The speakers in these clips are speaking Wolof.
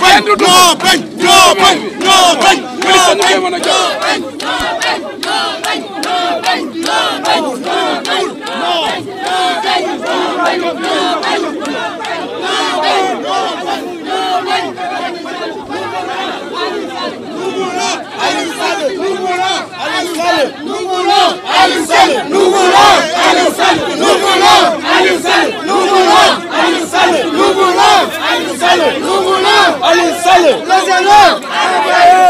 bañ ñoo bañ ñoo bañ ñoo bañ ñoo bañ ñoo bañ Aliou Sall Aliou Sall Los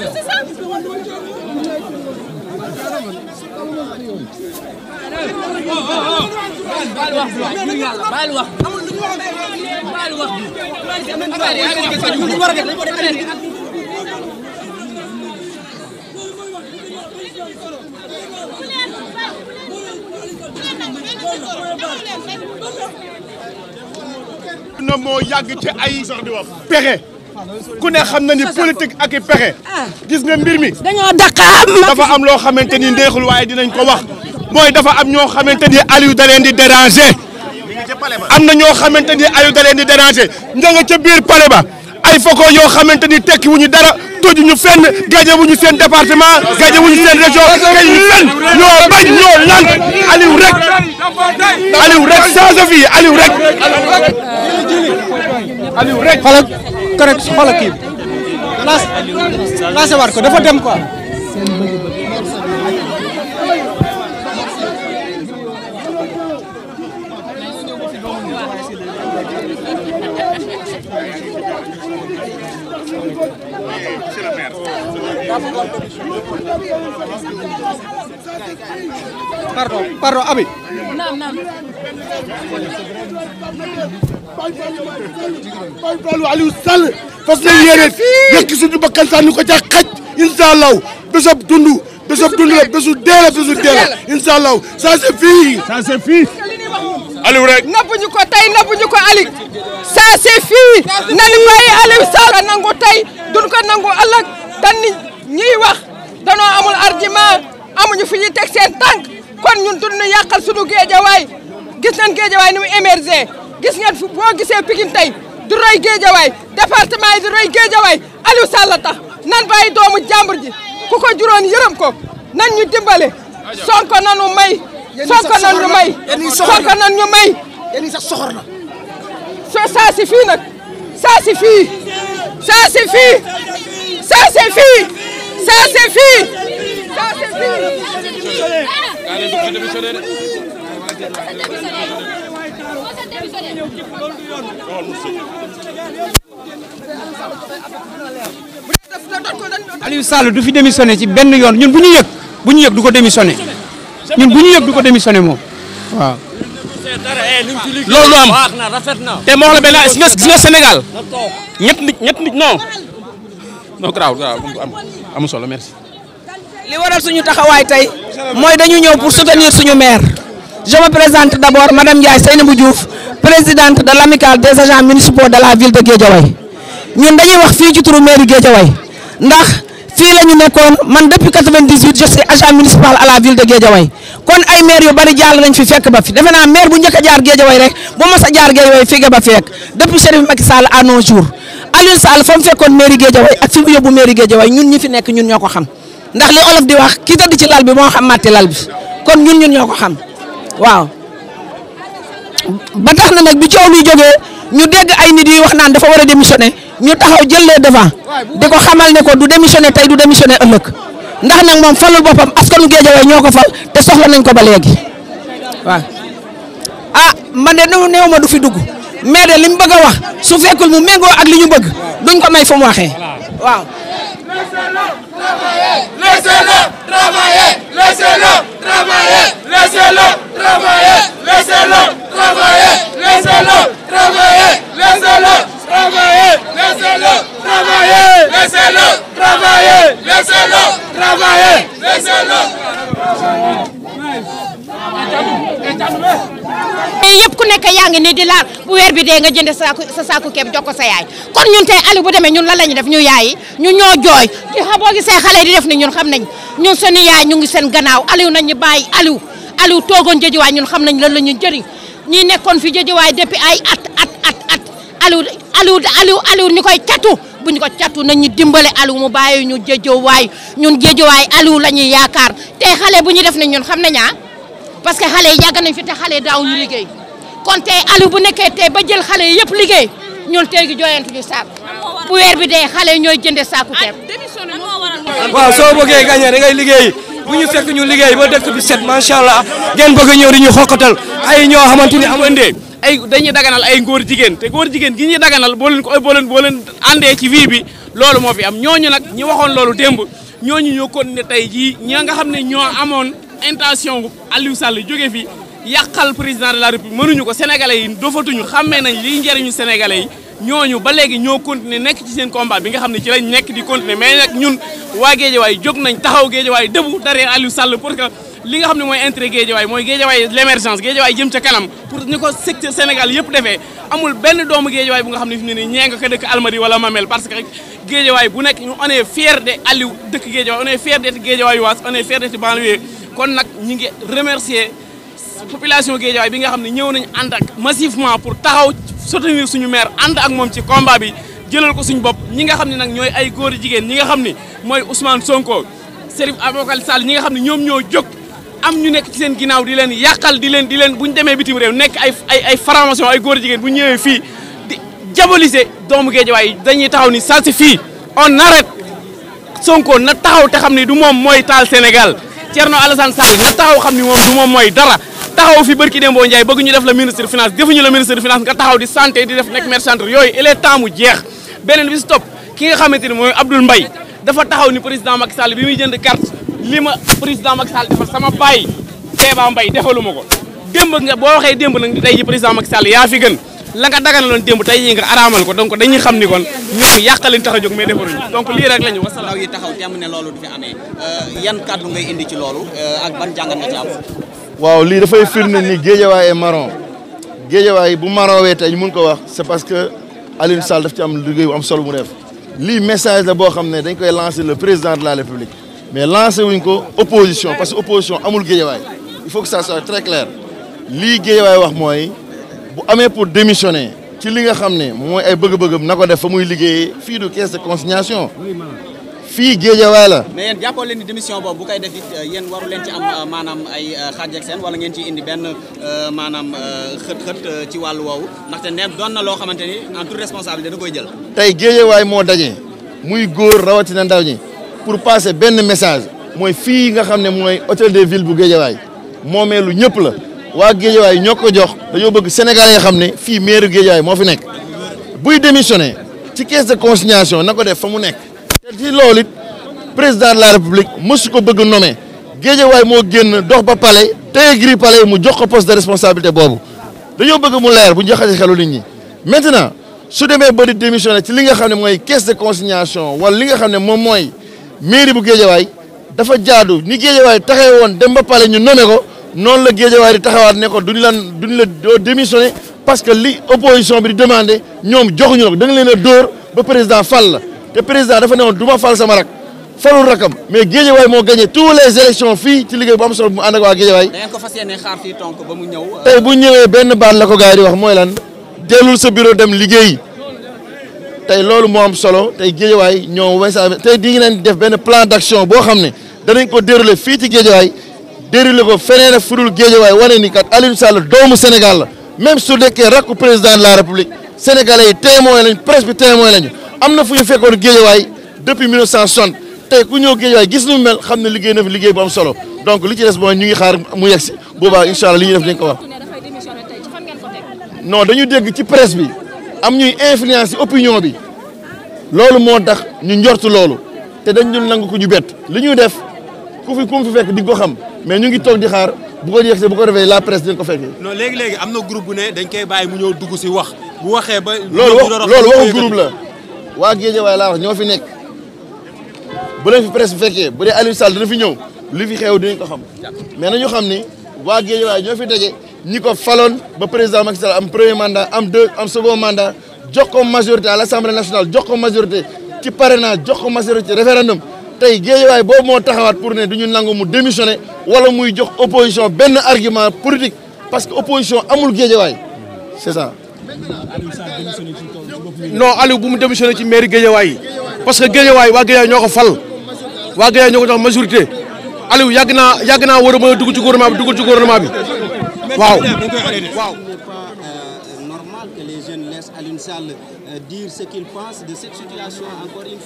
c'est ça baal wax bi waaye ngir yàlla baal wax bi amul lu ñu war a def baal wax bi lu ñu war a def dañ ko def affaire yi na moo yàgg ci ay pexe ku ne xam na ni politique ak i pexe ah. gis nga mbir mi dañoo dàq am dafa am loo xamante ni ndeexul waaye dinañ ko wax mooy dafa am ñoo xamante ni Aliou da leen di déranger am na ñoo xamante ni Aliou da di déranger ña nga ca biir pale ba ay foko yoo xamante ni tekki wu dara toju ñu fenn gaje wu ñu seen département gaje wu ñu seen région gaje ñu fenn ñoo bañ ñoo lànk Aliou rek Aliou rek change fii Aliou rek correct xoolal kii bi placé placé waat ko dafa dem quoi. pardon pardon Abi. naam naam. bay Fallou Aliou Sall. fas na bakkan sànni ko ca xaj. incha allahu bésab dund. bésab dund la bésu dee la bésu dee la. incha allahu ça c'est fini. ça c'est ko tey nappuñu ko Aliou. ça c'est fini. nañu bàyyi nangu tey duñ ko nangu ëllëg dañ ni wax danoo amul argument. fi ñu teg seen tànk kon ñun du ñu yàqal suñu géejawaay gis nañ géejawaay ni mu émergé gis ngeen fu boo gisee Pikine du roy géejawaay département yi du roy géejawaay Aliou Sall tax nan bàyyi doomu jàmbur ji ku ko juróon yërëm ko nan ñu dimbale Sonko nan ñu may Sonko nan ñu may yéen sax soxor na so saa si fii nag fii saa fii saa fii saa fii Aliou Sall du fi démissionné ci benn yoon ñun bu ñu yëg bu ñu yëg du ko démissionné ñun bu ñu yëg du ko démissionné moom waaw. loolu am te moo la benn gis nga Sénégal ñett nit ñett nit non non merci. li waral suñu taxawaay tey mooy dañu ñëw pour soutenir suñu maire je me présente d' abord madame Ndiaye Seynabou l' amicale des agents municipaux de la ville de Guédiawaye ñun dañuy wax fii ci turu mairie Guédiawaye ndax fii la nekkoon man depuis 98 je suis agent la ville de Guédiawaye kon ay maire yu bari jàll nañ fi fekk ba fi defe naa bu njëkk a jaar Guédiawaye rek bu mos a jaar Guédiawaye fi nga ba fekk depuis Chérif Macky Sall à nos jours Aliou Sall fa fekkoon mairie Guédiawaye ñun ñi fi nekk ñun ñoo ko xam. ndax li olof di wax ki tëdd ci lal bi moo xam màtti lal bi kon ñun ñun ñoo ko xam waaw ba tax na nag bi coow luy jógee ñu degg ay nit yi wax naan dafa war a démissionné ñu taxaw jël les devant di ko xamal ne ko du démissionné tey du démissionné ëllëg ndax nag moom falul boppam askanu Géejawaay ñoo ko fal te soxla nañ ko ba léegi waaw ah man de néew ma du fi dugg mais de li mu bëgg a wax su fekkul mu méngoo ak li ñu bëgg duñ ko may fu mu waxee waaw. Laissez-le travailler. Laissez-le travailler. mais yëpp ku nekk yaa ngi ni di laal bu weer bi dee nga jënd saako sa saako keeb jox ko sa yaay kon ñun tey Aliou bu demee ñun lan la ñu def ñu yaayi ñu ñoo jooy di xa sa xale di def ni ñun xam nañ ñun suñu yaay ñu ngi seen gannaaw Aliou nañu bàyyi Aliou Aliou toogoon jëjiwaay ñun xam nañ lan la ñu jëriñ ñi nekkoon fi jëjiwaay depuis ay at at at at Aliou Aliou Aliou ñu koy catu bu ñu ko catu nañ ñu dimbale Aliou mu bàyyi ñu jëjiwaay ñun jëjiwaay Aliou la ñuy yaakaar xale bu ñu def ni ñun xam nañ ah, parce que xale yi yàgg fi te xale yi daaw ñu liggéey kon tey Aliou bu nekkee tey ba jël xale yi yëpp liggéey ñun tey gi jooyantuñu saako bu weer bi xale yi ñooy jënde saako teem. waaw soo bëggee gagné da ngay liggéey bu ñu fekk ñu liggéey ba dëkk bi set macha allah ngeen bëgg a ñëw di ñu xokkatal ay ñoo xamante ni am ëndee ay dañuy daganal ay ngóor jigéen te góor jigéen gi ñuy daganal boo leen ko boo leen boo àndee ci vie bi loolu moo fi am ñooñu nag ñi waxoon loolu démb ñooñu ñoo kon ne tey jii ña nga xam ne ñoo amoon intention Aliou Sall jóge fi yàqal président de la république mënuñu ko sénégalais yi dofatuñu xàmmee nañ liy njariñu sénégalais yi ñooñu ba léegi ñoo continuer nekk ci seen combat bi nga xam ne ci lañ nekk di continuer mais nag ñun waa géejawaay jóg nañ taxaw géejawaay debout derrière Aliou Sall pour que li nga xam ne mooy intérêt géejawaay mooy géejawaay l' émergence géejawaay jëm ca kanam pour ñu ko secteur Sénégal yëpp defee amul benn doomu géejawaay bu nga xam ne fi ne nga ko dëkk Almadi wala Mamel parce que géejawaay bu nekk ñu on est fier de Aliou dëkk géejawaay on est kon nag ñi ngi remercier population Guédiawaye bi nga xam ne ñëw nañu ànd ak massivement pour taxaw soutenir suñu maire ànd ak moom ci combat bi jëlal ko suñu bopp ñi nga xam ne nag ñooy ay góor jigéen ñi nga xam ne mooy Ousmane Sonko Serif Aboukal Sall ñi nga xam ne ñoom ñoo jóg am ñu nekk ci seen ginnaaw di leen yàqal di leen di leen bu ñu demee bitim réew nekk ay ay ay formation ay góor jigéen bu ñëwee fii di diaboliser doomu Guédiawaye dañuy taxaw ni salsi fii on arrête Sonko na taxaw te xam ne du moom mooy taal Sénégal Thierno Alassane Sall nga taxaw xam ni moom du moom mooy dara taxaw fi barki Dembo Ndiaye bëgg ñu def la ministre finance defuñu la ministre finance nga taxaw di santé di def nekk maire yooyu il temps mu jeex beneen bi si topp ki nga xamante ni mooy Abdoul Mbaye dafa taxaw ni président Macky Sall bi muy jënd carte li ma président Macky Sall defal sama baay Kéba Mbaye defalu ma ko démb nga boo waxee démb nag day ji président Macky Sall yaa gën la nga daganaloon démb tey yi nga araamal ko donc dañuy xam ni kon ñoom yàq lañ tax a jóg mais defaruñu donc lii rek lañu wasalaam. yi taxaw temm ne loolu du fi amee euh, yan kàddu ngay indi ci loolu euh, ak ban jàngat nga ci am. waaw lii dafay firnde ni géejawaay marron géejawaay bu marron wee tey ñu mun ko wax c'est parce que Aliou Sall daf ci am liggéey bu am solo mu def lii message la boo xam ne dañ koy lancer le président de la République mais lancer wuñ ko opposition parce que opposition amul géejawaay il faut que ça soit très lii géejawaay wax mooy. bu amee pour démissionner ci li nga xam ne mooy ay bëgg-bëggam na ko def fa muy liggéeyee fii du caisse de consignation fii géejawaay la. mais yéen jàppoo leen ni boobu bu koy def it euh, yéen waru leen ci am euh, maanaam ay euh, xaaj ak seen wala ngeen ci indi benn maanaam xët-xët ci wàllu woowu ndaxte neen doon na loo xamante ni en toute responsabilité da koy jël. tey géejawaay moo daje muy góor rawatina ndaw ñi pour passer benn message mooy fii nga xam ne mooy hôtel de ville bu géejawaay moomee lu ñëpp la. waa Géejawaay ñoo ko jox dañoo bëgg sénégal yi xam ne fii maire Géejawaay moo fi nekk buy démissionné ci caisse de consignation na ko def fa mu nekk. te ci loolu it président de la république mësu ko bëgg nommé Géejawaay moo génn dox ba pale te gri palais mu jox ko poste de responsabilité boobu dañoo bëgg mu leer bu joxee xelu nit ñi maintenant su demee ba di démissionné ci li nga xam ne mooy caisse de consignation wala li nga xam ne moom mooy mai bu Géejawaay dafa jaadu ni Géejawaay taxee woon dem ba palais ñu nommé ko. noonu la géejawaay di taxawaat ne ko duñ lan duñ la doo démissionné parce que li opposition bi di demandé ñoom joxuñu la ko da leen a dóor ba président fal la te président dafa ne woon du ma fal sama rak falul am mais géejawaay moo gagné tous les élections fii ci liggéey bu am solo bu mu ànd ak waa géejawaay. da ngeen ba mu ñëw. Euh, tey bu ñëwee benn baat la ko gars yi di wax mooy lan dellul sa bureau dem liggéey tey loolu moo am solo tey géejawaay ñoom message tey di ngi leen def benn plan action boo xam ne danañ ko déroulé fii ci géejawaay. déroulé ko feneen ak fudul géejawaay wane ni kat Aliou Sall doomu Sénégal la même su nekkee rakku président de la république sénégalais yi témoin lañ presse bi témoin lañu am na fu ñu fekkoon géejawaay depuis 1960 tey ku ñëw géejawaay gis nu mel xam na liggéey na fi liggéey bu am solo donc li ci des mooy ñu ngi xaar mu yegg si boobaa incha allah li ñuy def dañ non dañu dégg ci presse bi am ñuy influence opinion bi loolu moo tax ñu njort loolu te dañ nangu ko ñu bet li ñuy def ku fi ku mu fi fekk di ko xam. mais ñu ngi toog di xaar bu ko yegg bu ko defee la presse dina ko fekkee. non léegi léegi am na groupe bu ne dañ koy bàyyi mu ñëw dugg si wax. bu waxee ba. loolu loolu waxu groupe la. waa Guédiawaye laa wax ñoo fi nekk bu leen fi presse bu fekkee bu dee Aliou Sall dina fi ñëw li fi xew dinañ ko xam mais nañu xam ni waa Guédiawaye ñoo fi daje ñi ko faloon ba président Macky Sall am premier mandat am deux am second mandat jox ko majorité à l' assemblée nationale jox ko majorité ci parrainage jox ko majorité référendum. tey géejawaay boobu moo taxawaat pour ne du ñu nangu mu démissionner wala muy jox opposition benn argument politique parce que opposition amul géejawaay c'est ça. non Aliou bu mu démissionné ci mairie géejawaay yi parce que géejawaay waa géejawaay ñoo ko fal waa géejawaay ñoo ko jox majorité Aliou yàgg naa yàgg naa war a mën a dugg ci gouvernement bi duggul ci gouvernement bi waaw waaw. Euh, que les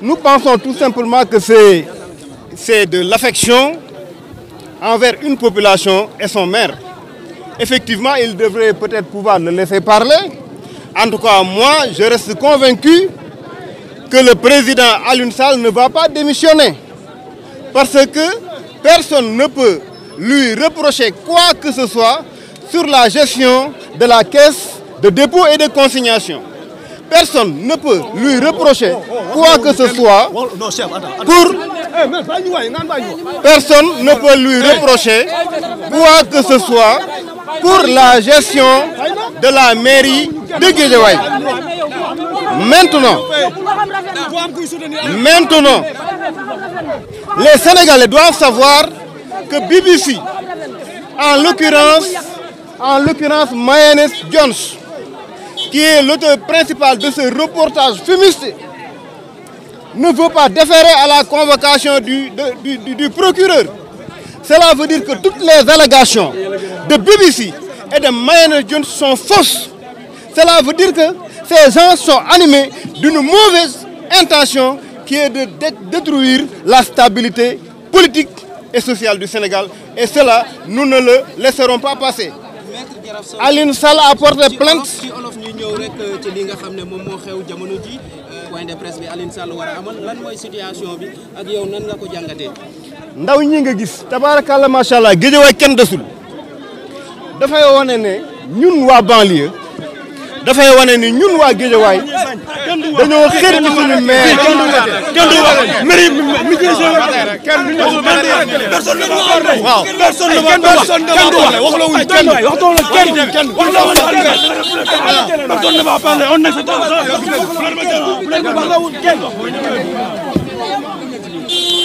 Nous pensons tout simplement que c'est de l'affection envers une population et son maire. Effectivement, il devrait peut-être pouvoir le laisser parler. En tout cas, moi, je reste convaincu que le président Alun Sall ne va pas démissionner. Parce que personne ne peut lui reprocher quoi que ce soit sur la gestion de la caisse de dépôt et de consignation. personne ne peut lui reprocher quoi que ce soit pour la gestion de la mairie de Guédiawaye. Maintenant, les Sénégalais doivent savoir que BBC, en l'occurrence, en l'occurrence qui est l'auteur principal de ce reportage fumiste, ne veut pas déférer à la convocation du, de, du, du procureur. Cela veut dire que toutes les allégations de BBC et de Mayenne Jones sont fausses. Cela veut dire que ces gens sont animés d'une mauvaise intention qui est de détruire la stabilité politique et sociale du Sénégal. Et cela, nous ne le laisserons pas passer. Alioune Sall a porté plainte ci olof ñu euh, nga xam ne moom moo xew jamono ji euh, point bi Alioune Sall war a amal lan mooy situation bi ak yow nan nga ko jàngatee. ndaw ñi nga gis la macha allah géejewaay kenn desul dafay wane ne ñun waa banlieue dafay wane ne ñun waa géejewaay dañoo xër ci suñu maire kenn du wax maire mi ci seen kenn du wax personne ne va parler waaw personne ne va parler kenn du wax waxlo wuñ kenn waxto la kenn kenn waxlo wuñ kenn personne ne va parler on ne sait pas